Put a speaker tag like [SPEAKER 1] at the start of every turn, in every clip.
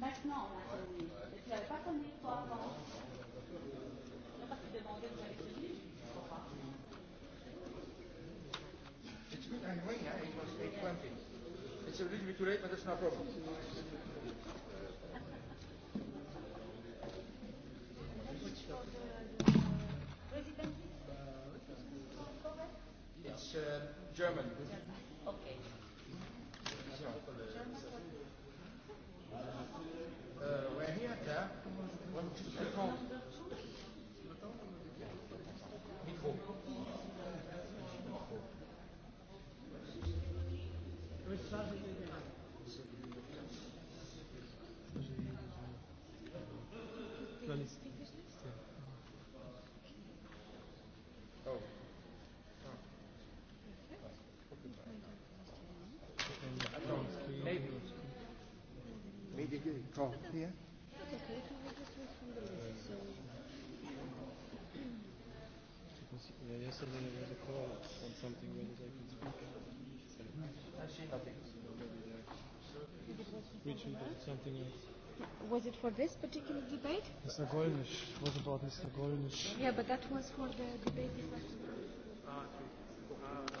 [SPEAKER 1] Maintenant, là, si vous n'avez pas connu toi avant, là, parce que demander vous avez connu, je ne sais pas. It's good anyway, yeah, it was 8.20. It's a little bit too late, but that's no problem. It's uh, German. Okay. Uh, German uh, we're here, yeah? Well, Oh, yeah. Yeah, yesterday there was a call on something whether they can speak. Actually, nothing. Which something else. Was it for this particular debate? Mr. Golnish. It was about Mr. Golnish. Yeah, but that was for the debate this afternoon. Ah, uh,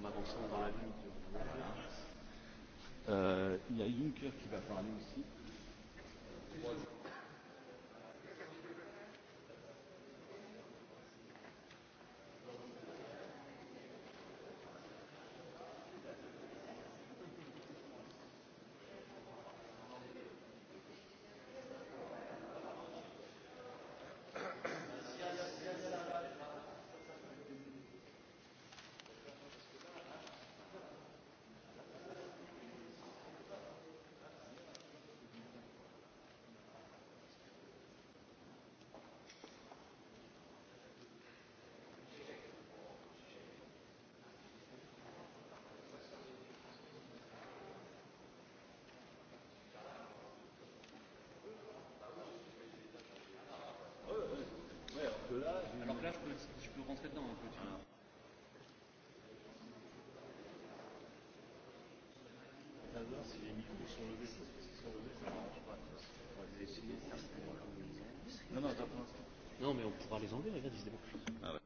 [SPEAKER 1] en avançant dans la ligne du voilà. Euh, il y a Juncker qui va parler aussi. là, je peux, je peux rentrer dedans un peu, tu vois. savoir si les micros sont levés. S'ils sont levés, ça ne marche pas. Non, non, non, mais on pourra les enlever, regarde, ils se débrouillent. Ah ouais.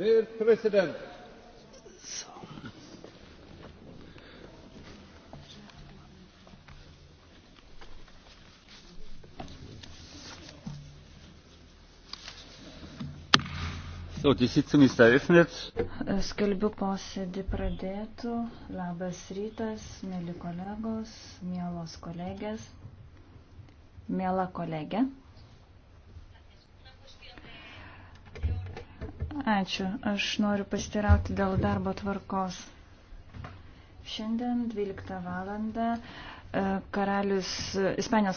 [SPEAKER 1] Herr Präsident! Skelbiu posėdį pradėtų. Labas rytas, mėly kolegos, mielos kolegės, mėla kolegė. Ačiū. Aš noriu pastirauti dėl darbo tvarkos. Šiandien 12 valandą e, karalius, Ispanijos